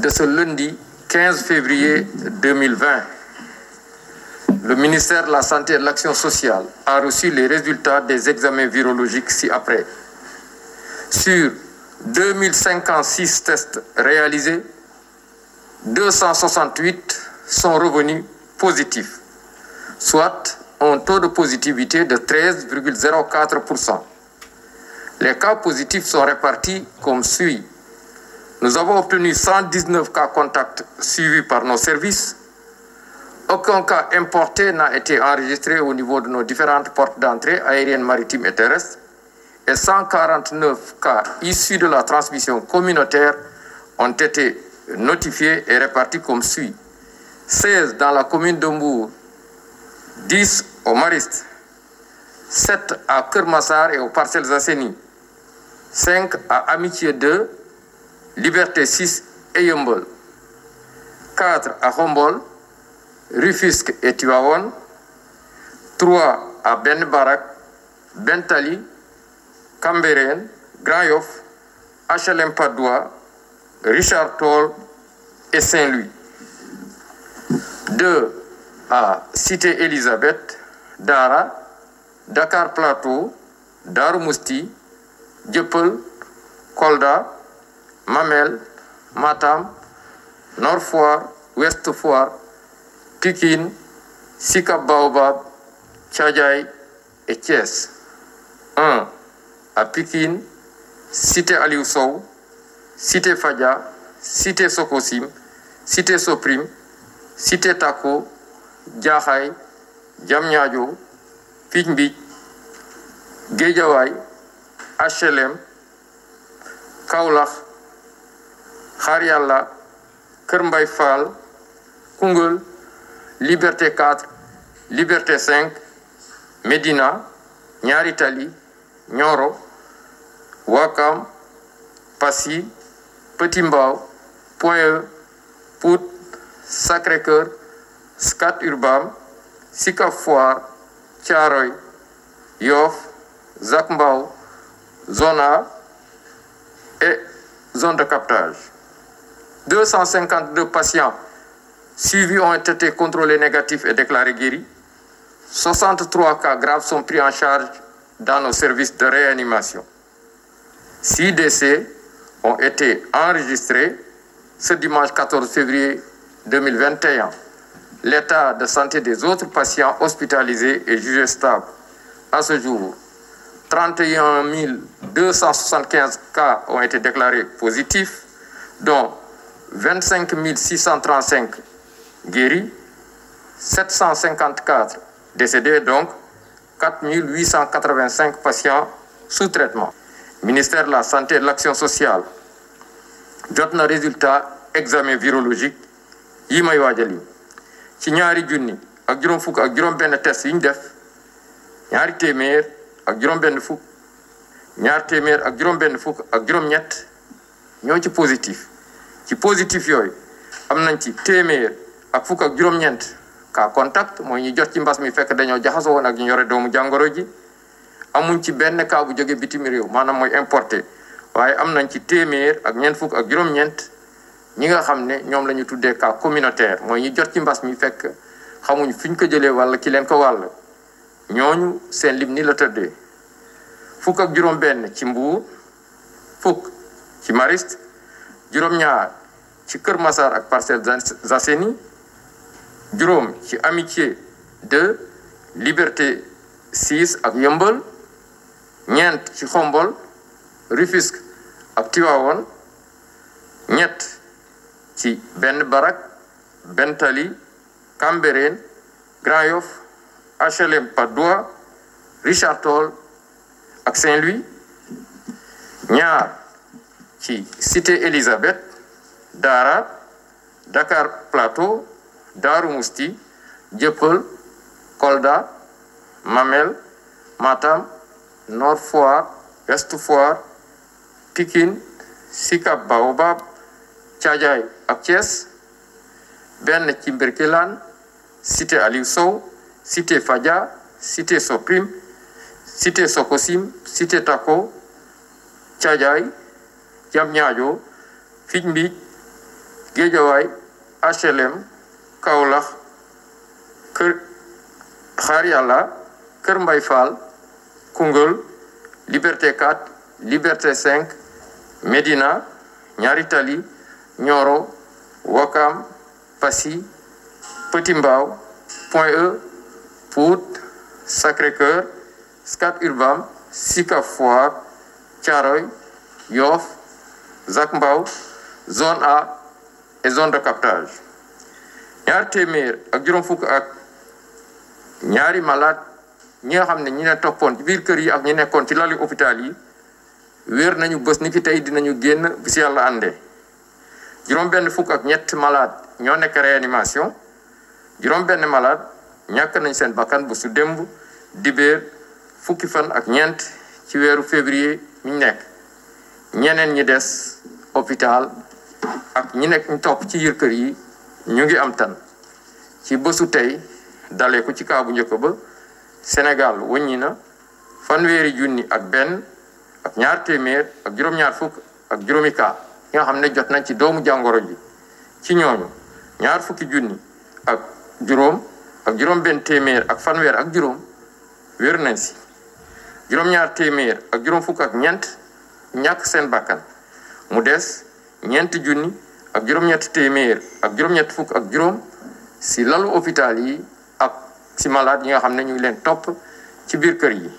de ce lundi 15 février 2020. Le ministère de la Santé et de l'Action sociale a reçu les résultats des examens virologiques ci-après. Sur 2056 tests réalisés, 268 sont revenus positifs, soit un taux de positivité de 13,04%. Les cas positifs sont répartis comme suit. Nous avons obtenu 119 cas contacts par nos services. Aucun cas importé n'a été enregistré au niveau de nos différentes portes d'entrée aériennes, maritimes et terrestres. Et de la transmission communautaire ont été notifiés et répartis dans la commune de Mbourg, 10 à Kermassar et aux à Amitié Liberté 6 et Yeumbeul 4 à Khombole Rufisque et Tivaouane 3 à Ben Barak Bentali Cambérène Grand Yoff Richard Toll et Saint-Louis 2 à Cité Elisabeth Dara Dakar Plateau Darou Mousti Dieuppeul Kolda Mamel Matam Nord Foire Ouest Foire Pikine Sicap Baobab Thiadiaye et Thiès. 1. À Pikine, Cité Aliou Sow, sité Fadia, Cité Sokosim, Cité Soprim, Cité Tako, Diakhaye, Diamniadio, Pikine Beach, Guédiawaye, HLM, Kaolack xaar yàlla Kër Mbay Fall Koungheul Liberté 4 Liberté 5 Médina ñaari tali Nioro Wakam Passy Petit Mbao Point E Pout Sacré-Cœur Scat Urbam Sicap Foire Thiaroye Yoff Zac Mbao Zone et zone de captage 252 patients suivis ont été contrôlés négatifs et déclarés guéris. 63 cas graves sont pris en charge dans nos services de réanimation. 6 décès ont été enregistrés ce dimanche 14 février 2021. L'état de santé des autres patients hospitalisés est jugé stable. À ce jour, 31 275 cas ont été déclarés positifs, dont vingt cinq mille six cent trente cinq guéris sept cent cinquante quatre décédés donc quatre mille huit cent quatre cinq patients sous traitement. ministère de la santé et de l'action sociale jot na résultat examen virologique yi may waajal ci ñaari junni ak juróom fukk ak juróom benn test yi ñu def ñaari téeméer ak juróom benn fukk ñaar téeméer ak juróom benn fukk ak juróom ñett ñoo ci positif. ci positif yooyu am nañ ci téeméer ak fukk ak juróom-ñeent cas contact mooy ñu jot ci mbas mi fekk dañoo jaxasoo woon ak ñu yore doomu jàngoro ji amuñ ci benn cas bu jóge bitim réew maanaam mooy importé waaye am nañ ci téeméer ak ñeent fukk ak juróom-ñeent ñi nga xam ne ñoom la ñu tuddee cas communautaire mooy ñu jot ci mbas mi fekk xamuñ fi ñu ko jëlee walla ki leen ko wàll ñooñu seen lim ni la tëddee fukk ak juróom-benn ci Mbuur fukk ci Mariste juróom-ñaar ci Kër Massar ak Parcelles Assainies juróom ci Amitié 2 Liberté 6 ak Yeumbeul ñeent ci Xombol Rufisque ak Tivaouane ñett ci Benn Barak Benn Tali Cambérène Grand Yoff HLM Patte Richard Toll ak Saint-Louis ñaar ci cité Elisabeth Dakar Plateau Daaru Musti Jëppal Kolda Mamel Matam Nord Foire Ouest Foire Pikine Sicap Baobab Thiadiaye ak Thiès benn ci Birkelane cité Aliou Sow Fadia cité Soprim cité Sokosim cité Tako Thiadiaye jam ñaajo fij mbiij géejawaay HLM Kaolack kër xaar yàlla kër mbay fall Koungheul liberté 4 liberté 5 médina ñaari tali ñooro wakam passy petit mbao point e pout sacré cœur scat urbam sicap foire thiaroy yoff Zac Mbao zone A et zone de captage ñaar téeméer ak juróom fukk ak ñaari malade ñoo xam ne ñi ne toppoon ci biir kër yi ak ñi nekkoon ci lali hôpital yi wéer nañu bës ni ki tey dinañu génn bi si yàlla àndee juróom benn fukk ak ñett malade ñoo nekk réanimation juróom benn malade ñàkk nañ seen bakkan bu su démb dibéer fukki fan ak ñeent ci weeru février mi ñu nekk ñeneen ñi des hôpital ak ñi nekk ñu topp ci yër kër yi ñu ngi am tan ci bësu tey dalee ko ci kaa bu njëkk ba Sénégal wëññi na fanweeri junni ak benn ak ñaar téeméer ak juróom-ñaar fukk ak juróomi kaa yi nga xam ne jot nañ ci doomu jàngoro ji ci ñooñu ñaar fukki junni ak juróom ak juróom benn téeméer ak fanweer ak juróom wér nañ si juróom-ñaar téeméer ak juróom fukk ak ñeent ñàkk seen bakkan mu des ñeenti junni ak juróom-ñetti téeméer ak juróom-ñetti fukk ak juróom si lalu hôpital yi ak si malade yi nga xam ne ñu ngi leen topp ci biir kër yi